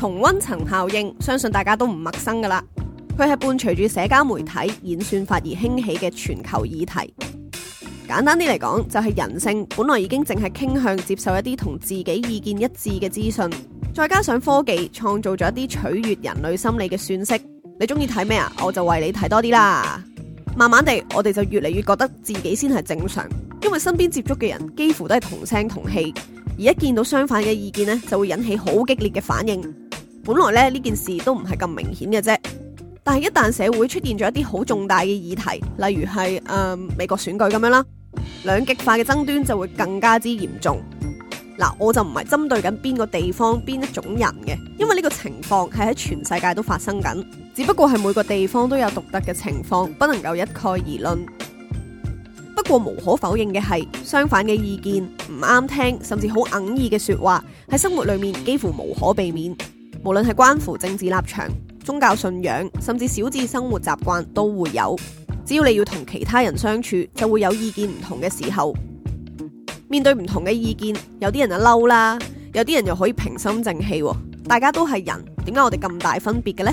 同溫層效應相信大家都唔陌生㗎喇，佢係伴隨住社交媒體演算法而興起嘅全球議題。簡單啲嚟講，就係人性本來已經淨係傾向接受一啲同自己意見一致嘅資訊，再加上科技創造咗一啲取悅人類心理嘅算式，你中意睇咩啊？我就為你睇多啲啦。慢慢地，我哋就越嚟越覺得自己先係正常，因為身邊接觸嘅人幾乎都係同聲同氣，而一見到相反嘅意見呢，就會引起好激烈嘅反應。本來咧呢件事都唔係咁明顯嘅啫，但係一旦社會出現咗一啲好重大嘅議題，例如係誒、呃、美國選舉咁樣啦，兩極化嘅爭端就會更加之嚴重。嗱，我就唔係針對緊邊個地方邊一種人嘅，因為呢個情況係喺全世界都發生緊，只不過係每個地方都有獨特嘅情況，不能夠一概而論。不過無可否認嘅係，相反嘅意見唔啱聽，甚至好哽耳嘅說話，喺生活裏面幾乎無可避免。無論係關乎政治立場、宗教信仰，甚至小至生活習慣都會有。只要你要同其他人相處，就會有意見唔同嘅時候。面對唔同嘅意見，有啲人就嬲啦，有啲人又可以平心靜氣。大家都係人，點解我哋咁大分別嘅呢？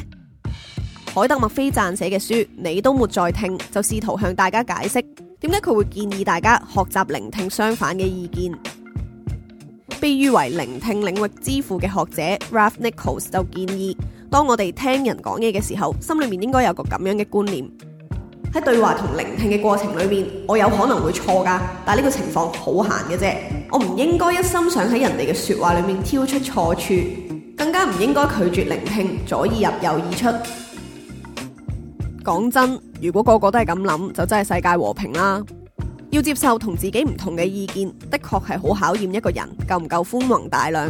海德麥菲撰寫嘅書，你都沒在聽，就試圖向大家解釋，點解佢會建議大家學習聆聽相反嘅意見。被譽為聆聽領域之父嘅學者 Ralph Nichols 就建議，當我哋聽人講嘢嘅時候，心裏面應該有個咁樣嘅觀念。喺對話同聆聽嘅過程裏面，我有可能會錯噶，但係呢個情況好閒嘅啫。我唔應該一心想喺人哋嘅說話裏面挑出錯處，更加唔應該拒絕聆聽，左耳入右耳出。講真，如果個個都係咁諗，就真係世界和平啦。要接受同自己唔同嘅意見，的確係好考驗一個人夠唔夠寬宏大量。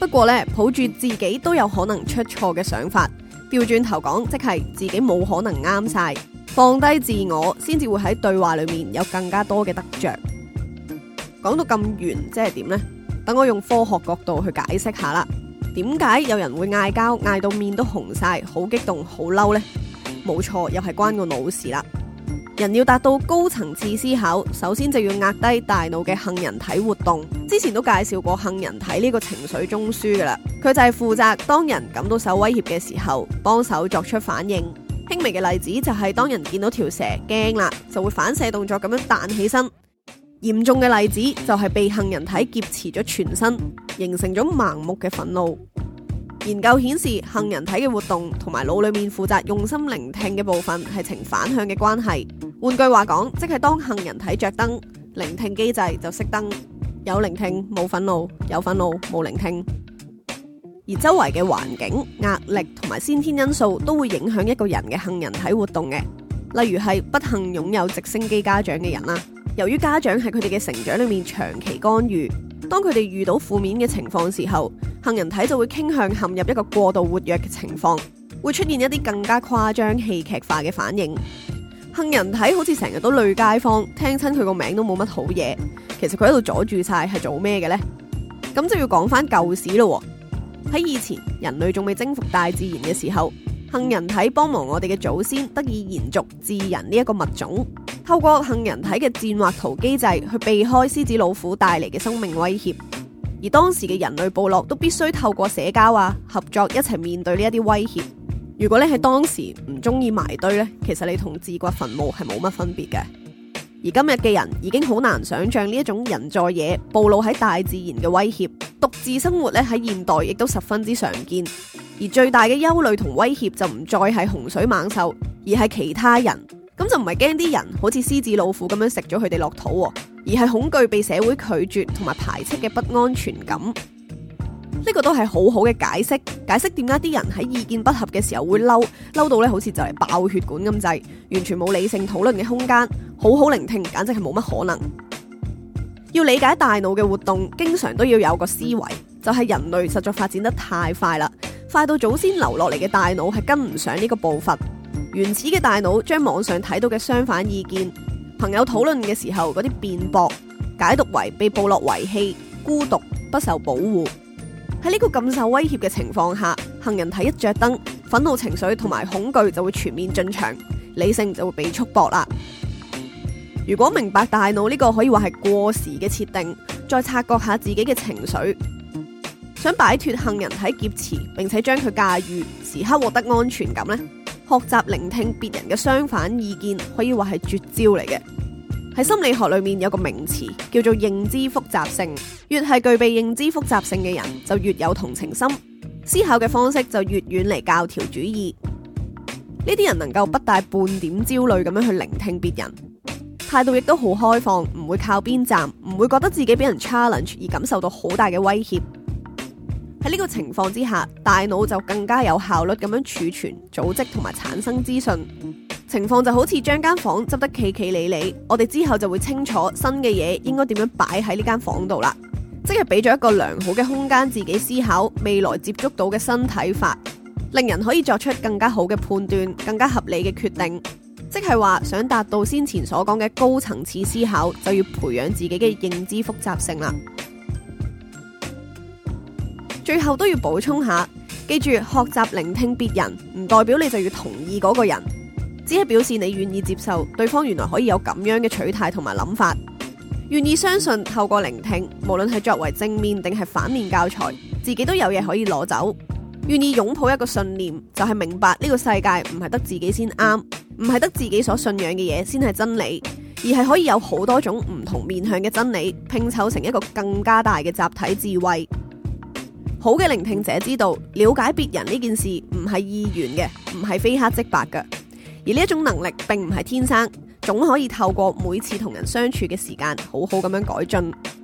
不過呢，抱住自己都有可能出錯嘅想法，調轉頭講，即係自己冇可能啱晒。放低自我，先至會喺對話裏面有更加多嘅得着。講到咁遠，即係點呢？等我用科學角度去解釋下啦。點解有人會嗌交，嗌到面都紅晒，好激動，好嬲呢？冇錯，又係關個腦事啦。人要達到高層次思考，首先就要壓低大腦嘅杏仁體活動。之前都介紹過杏仁體呢個情緒中樞噶啦，佢就係負責當人感到受威脅嘅時候，幫手作出反應。輕微嘅例子就係當人見到條蛇驚啦，就會反射動作咁樣彈起身；嚴重嘅例子就係被杏仁體劫持咗全身，形成咗盲目嘅憤怒。研究顯示，杏仁體嘅活動同埋腦裏面負責用心聆聽嘅部分係呈反向嘅關係。換句話講，即係當杏仁體着燈，聆聽機制就熄燈；有聆聽，冇憤怒；有憤怒，冇聆聽。而周圍嘅環境、壓力同埋先天因素都會影響一個人嘅杏仁體活動嘅。例如係不幸擁有直升機家長嘅人啦，由於家長喺佢哋嘅成長裏面長期干預，當佢哋遇到負面嘅情況時候，杏仁體就會傾向陷入一個過度活躍嘅情況，會出現一啲更加誇張戲劇化嘅反應。杏仁體好似成日都累街坊，聽親佢個名都冇乜好嘢。其實佢喺度阻住晒，係做咩嘅呢？咁就要講翻舊史咯。喺以前，人類仲未征服大自然嘅時候，杏仁體幫忙我哋嘅祖先得以延續智人呢一個物種，透過杏仁體嘅戰或逃機制去避開獅子老虎帶嚟嘅生命威脅。而當時嘅人類部落都必須透過社交啊，合作一齊面對呢一啲威脅。如果咧喺當時唔中意埋堆咧，其實你同自掘墳墓係冇乜分別嘅。而今日嘅人已經好難想像呢一種人在野暴露喺大自然嘅威脅，獨自生活咧喺現代亦都十分之常見。而最大嘅憂慮同威脅就唔再係洪水猛獸，而係其他人。咁就唔係驚啲人好似獅子老虎咁樣食咗佢哋落肚喎。而係恐懼被社會拒絕同埋排斥嘅不安全感，呢個都係好好嘅解釋。解釋點解啲人喺意見不合嘅時候會嬲，嬲到咧好似就嚟爆血管咁滯，完全冇理性討論嘅空間，好好聆聽簡直係冇乜可能。要理解大腦嘅活動，經常都要有個思維，就係人類實在發展得太快啦，快到祖先留落嚟嘅大腦係跟唔上呢個步伐。原始嘅大腦將網上睇到嘅相反意見。朋友討論嘅時候，嗰啲辯駁解讀為被部落遺棄、孤獨、不受保護。喺呢個咁受威脅嘅情況下，杏仁體一着燈，憤怒情緒同埋恐懼就會全面進場，理性就會被束縛啦。如果明白大腦呢個可以話係過時嘅設定，再察覺下自己嘅情緒，想擺脫杏仁體劫持並且將佢駕馭，時刻獲得安全感呢，學習聆聽別人嘅相反意見，可以話係絕招嚟嘅。喺心理學裏面有個名詞叫做認知複雜性，越係具備認知複雜性嘅人，就越有同情心，思考嘅方式就越遠離教條主義。呢啲人能夠不帶半點焦慮咁樣去聆聽別人，態度亦都好開放，唔會靠邊站，唔會覺得自己俾人 challenge 而感受到好大嘅威脅。喺呢個情況之下，大腦就更加有效率咁樣儲存、組織同埋產生資訊。情況就好似將間房執得企企理理，我哋之後就會清楚新嘅嘢應該點樣擺喺呢間房度啦。即係俾咗一個良好嘅空間，自己思考未來接觸到嘅新睇法，令人可以作出更加好嘅判斷、更加合理嘅決定。即係話，想達到先前所講嘅高層次思考，就要培養自己嘅認知複雜性啦。最後都要補充下，記住學習聆聽別人唔代表你就要同意嗰個人，只係表示你願意接受對方原來可以有咁樣嘅取態同埋諗法，願意相信透過聆聽，無論係作為正面定係反面教材，自己都有嘢可以攞走，願意擁抱一個信念，就係明白呢個世界唔係得自己先啱，唔係得自己所信仰嘅嘢先係真理，而係可以有好多種唔同面向嘅真理拼湊成一個更加大嘅集體智慧。好嘅聆聽者知道，了解別人呢件事唔係意願嘅，唔係非黑即白嘅，而呢一種能力並唔係天生，總可以透過每次同人相處嘅時間，好好咁樣改進。